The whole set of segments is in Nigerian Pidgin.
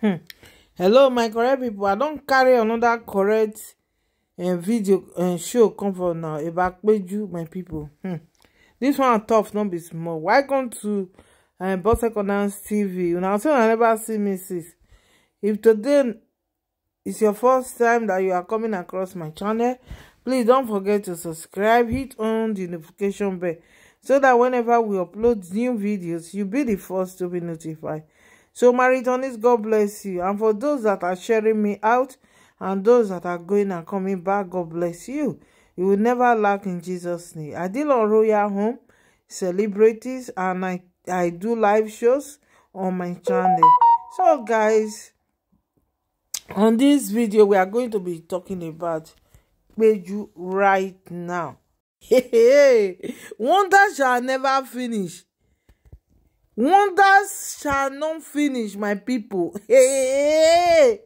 hmm hello my correct people. i don't carry another correct eh, video and eh, show come for now about you, my people. hmm dis one tough no be small welcome to eh, boss economics tv una say una never see me since if today is your first time that you are coming across my channel please don't forget to subscribe hit on the notification bell so that whenever we upload new videos you be the first to be notified So, Maritonis, God bless you. And for those that are sharing me out and those that are going and coming back, God bless you. You will never lack in Jesus' name. I deal on Royal Home, celebrities, and I, I do live shows on my channel. So, guys, on this video, we are going to be talking about Peju right now. Hey, wonders shall never finish wonders shall not finish my people. hey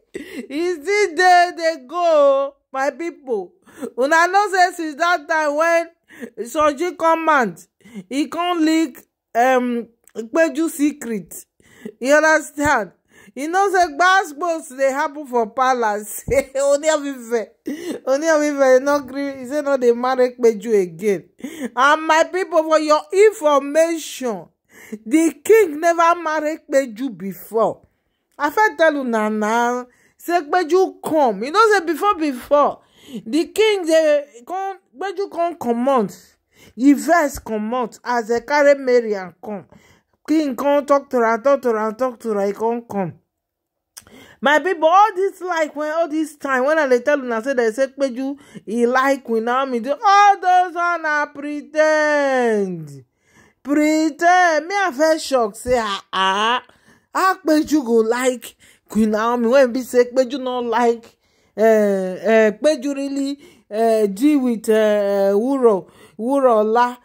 e still dey dey go my pipo una know say since that time when soji come he can't leak um kpeju secret you understand you know say basketballs they happen for palace Ooni of Ife Ooni of Ife no gree he say no dey marry kpeju again and my people, for your information the king never marry Peju before. I fit tell una now, say Peju come. You know, say before, before, the king, they come, Peju come comot. He verse comot as they carry Mary and come. King come talk to her, talk to her, talk to her, he come come. my people, all this like when all this time when i dey tell una say say peju he like queen naomi all those one na pretend me i first shock say ah ah how peju go like queen naomi when be say peju no like eh, eh, peju really eh, deal with wuro wurola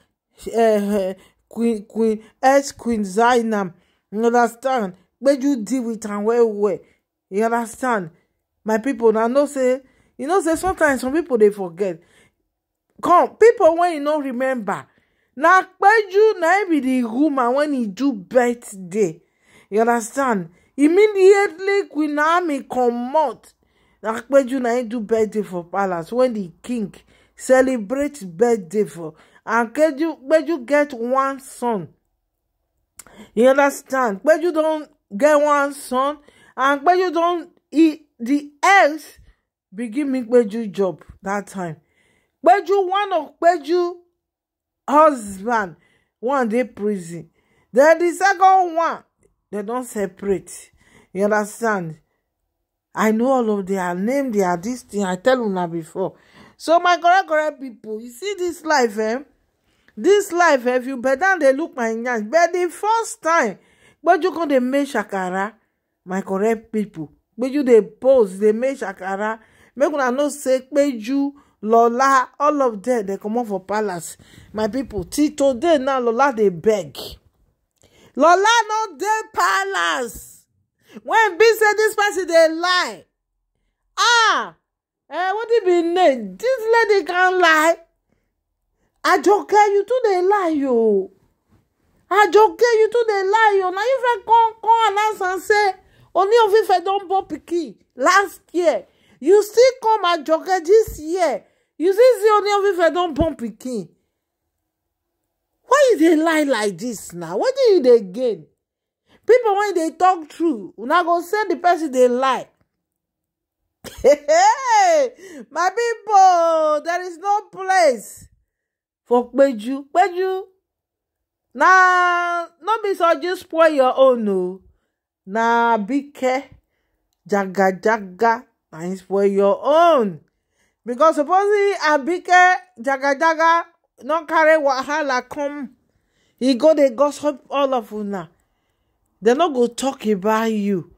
uh, queen queen ex queen zainab you understand peju deal with am well well you understand my pipo na know say you know say sometimes some pipo dey forget come pipo wey you no remember. na kpeju na e be the woman when e do birthday you understand immediately queen naomi comot na kpeju na im e do birthday for palace when the king celebrate birthday for and kpeju get one son you understand kpeju don get one son and kpeju don the ex begin make kpeju job that time kpeju one of kpeju husband one dey prison den di second one they don separate you understand i know all of their name their this thing i tell una before so my correct correct pipo you see this life eh This life eh if you better dey look my nyash but the first time gbeju dey make shakara my correct pipo gbeju dey pose dey make shakara make una know say gbeju lola all of dem dey comot for palace my pipo till today now lola dey beg lola no dey palace When be say this person dey lie ah eh what e be name This lady can lie ajoke you too dey lie yo ajoke you too dey lie yo na you fit come come announce am say oni of ife don born pikin last year you still come and ajoke this year you still see onion fife don born pikin why you dey lie like this na wetin you dey gain People wey dey talk true una go say the person dey lie hey my people, there is no place for peju peju na no be so just spoil your own o oh. na bike jagajaga And him spoil your own because supposedly abike Jaga Jaga not carry wahala come he go dey gossip all of una They not go talk about you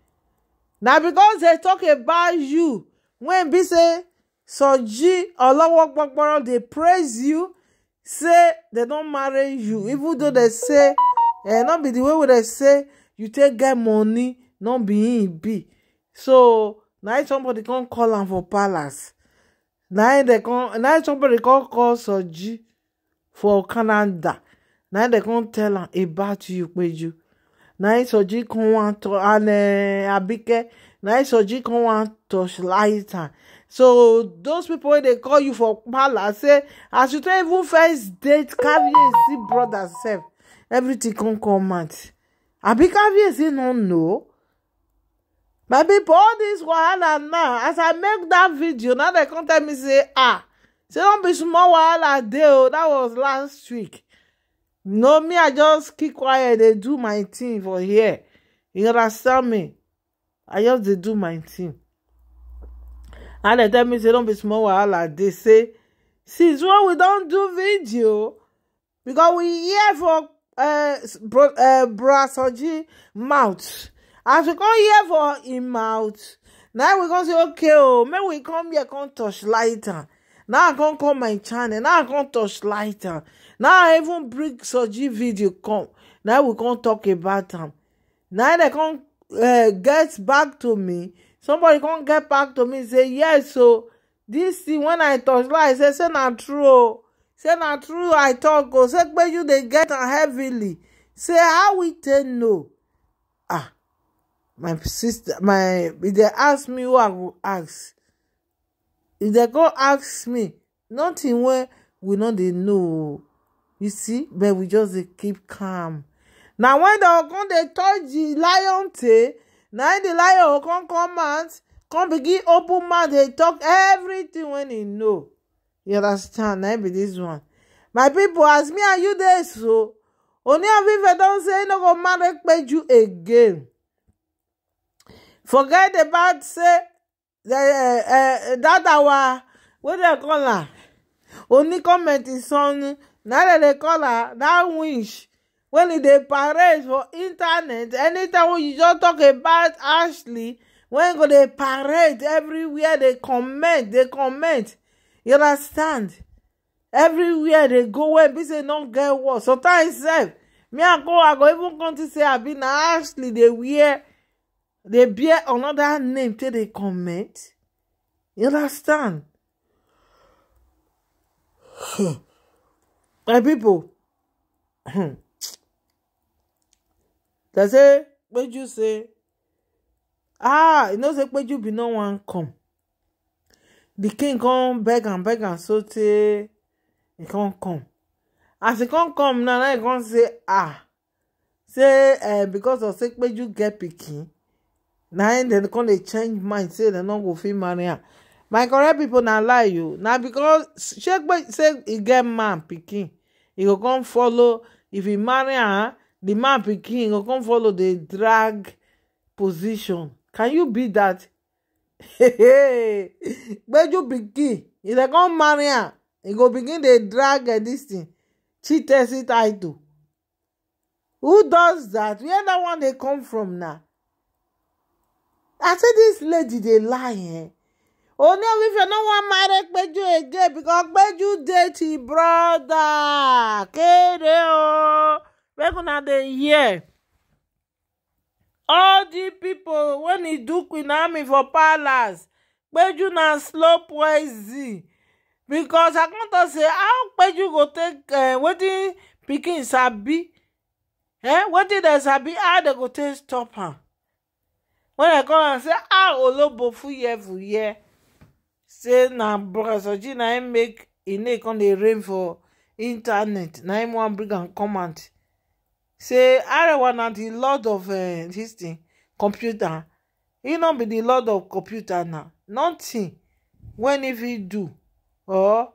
Now because they talk about you when be say soji olowo gbogboro they praise you say they don't marry you even though they say eh not be the way wey dem say you take get money not be be so Now somebody can call him for palace Now somebody can call soji for canada Now they can tell him about you peju Now soji can want to and eh, abike Now soji come wan torchlight am so those people wey dey call you for palace say as you don even first date see brother sef everything can come out abi caviarcy no know my pipo all dis wahala now as i make that video now they come tell me say ah say don't be small wahala dey o oh, That was last week no me i just keep quiet They do my thing for here you understand me i just they do my thing and they tell me say don't be small wahala dey say since when we don't do video because we hear for eh, eh, brasoji mouth as we come hear for him mouth Now we come say okay o oh, make we come here come touch light am now i come call my channel now i come touch light am now i even bring soji video come now we come talk about am now they come uh, get back to me somebody come get back to me say yes so this thing when i touch light say say na true o oh. say na true i talk o oh. say peju dey get am heavily say how we take know my sister my if they ask me who i will ask if they go ask me nothing Where we know they know you see but we just dey keep calm Now when they dem come dey touch di lion tail Now the di lion come come out come begin open mouth They talk everything when they know you understand Now be this one my people ask me are you there? so only of Ife don say no go marry you again forget about say the eh, eh, eh, that our wey dem call am oni comment is son na dem dey call am that Wish when e dey parade for internet anytime wey you just talk about ashley wey go dey parade everywhere dey comment dey comment you understand everywhere dey go wey be say no get work sometimes sef me and go i go even come to say abi na ashley dey wear They bear another name till they comment you understand my people, they say "What you say ah you know say you be no one come the king come beg and beg and so tey he can't come as he can't come now he can't say ah say eh because of say you get pikin na im dem con dey change mind say dem no go fit marry am my correct pipo na lie you oh. na because say e get man pikin e go come follow if e marry am di man pikin go come follow dey drag position can you be dat hehehe gbeju pikin e dey come marry am e go begin dey drag and dis thing chitesi title. who does dat where dat one dey come from na. i say this lady dey lie eh only oh, if you no wan marry peju again because peju date him brother kere o make una dey hear all di pipo wen e do queen army for palace peju na slow poison because i come talk say how peju go take eh, wetin pikin sabi eh wetin dem sabi how dem go take stop am wen i come am say ah olobo fuye fuye say na brosoji na im make ine come dey rain for internet na im wan bring am comment say arewa na di lord of dis eh, thing computer He no be di lord of computer na nothing wen e fit do or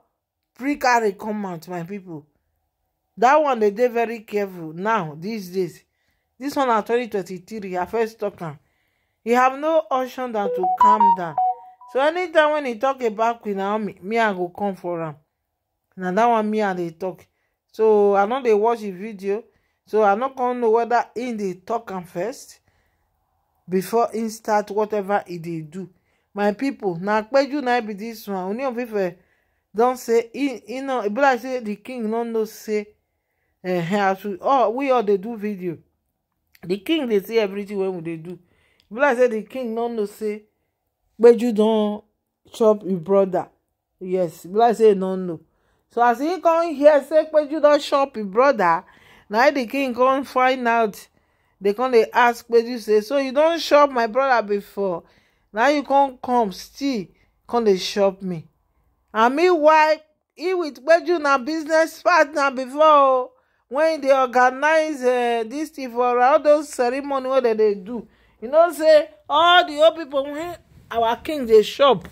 pre carry comment my pipo dat one dey dey very careful now these days dis one na 2023 i first tok am You have no option than to calm down so anytime when he talk about queen naomi me i go come for him. Now that one me and they talk. so i know they watch di video so i no con know weda im dey tok am first before in start whatever e dey do my pipo na peju na be this one only of ife Don't say in no e be like say the king no know say eh, eh we all they do video The king they see everything when they do be like say the king no know say gbeju don chop him brother yes be like say he no know so as he come hear say gbeju don chop him brother na the king come find out They come dey ask gbeju say so you don chop my brother before Now you come come still come dey chop me and meanwhile he with gbeju na business partner before o when e dey organise uh, eh, dis thing for all those ceremony wey dem dey do you know say all the old people when our king they shop.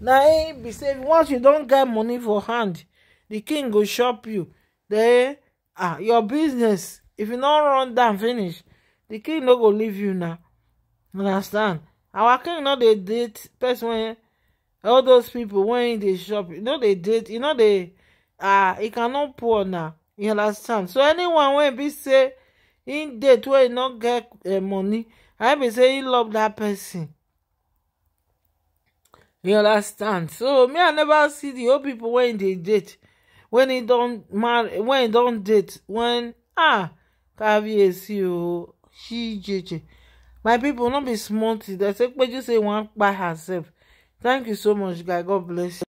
Now he be say once you don't get money for hand the king go shop you then ah your business if you not run down finish the king no go leave you now understand our king no dey date person all those people when they shop, you know they dey date know they dey ah e cannot pour now you understand so anyone when be say in date wey not get eh, money i be say e love that person you understand so me i never see the old people when they date, when he don't date when he don't date when ah caviarcy o she my people not be small They say, say you say one by herself thank you so much guy god bless you